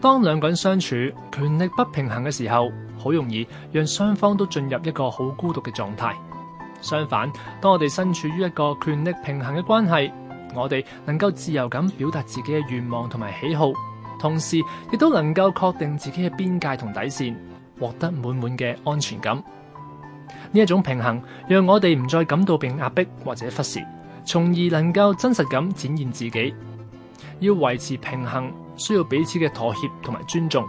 當兩個人相處權力不平衡嘅時候，好容易讓雙方都進入一個好孤獨嘅狀態。相反，當我哋身處於一個權力平衡嘅關係，我哋能夠自由咁表達自己嘅願望同埋喜好，同時亦都能夠確定自己嘅邊界同底線，獲得滿滿嘅安全感。呢一種平衡，讓我哋唔再感到被壓迫或者忽視，從而能夠真實咁展現自己。要維持平衡。需要彼此嘅妥協同埋尊重，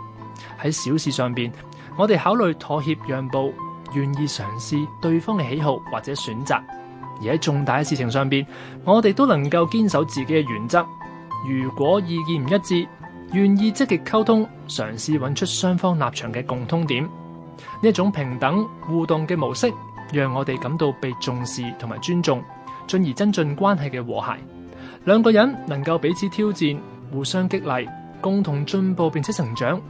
喺小事上邊，我哋考慮妥協讓步，願意嘗試對方嘅喜好或者選擇；而喺重大嘅事情上邊，我哋都能夠堅守自己嘅原則。如果意見唔一致，願意積極溝通，嘗試揾出雙方立場嘅共通點。呢種平等互動嘅模式，讓我哋感到被重視同埋尊重，進而增進關係嘅和諧。兩個人能夠彼此挑戰，互相激勵。共同進步並且成，成長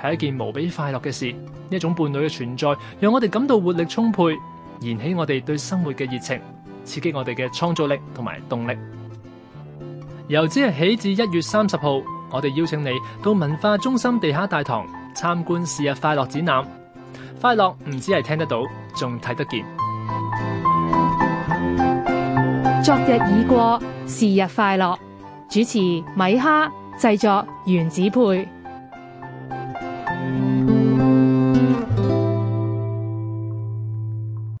係一件無比快樂嘅事，一種伴侶嘅存在，讓我哋感到活力充沛，燃起我哋對生活嘅熱情，刺激我哋嘅創造力同埋動力。由即日起至一月三十號，我哋邀請你到文化中心地下大堂參觀是日快樂展覽。快樂唔只係聽得到，仲睇得見。昨日已過，是日快樂。主持米哈。製作原子配。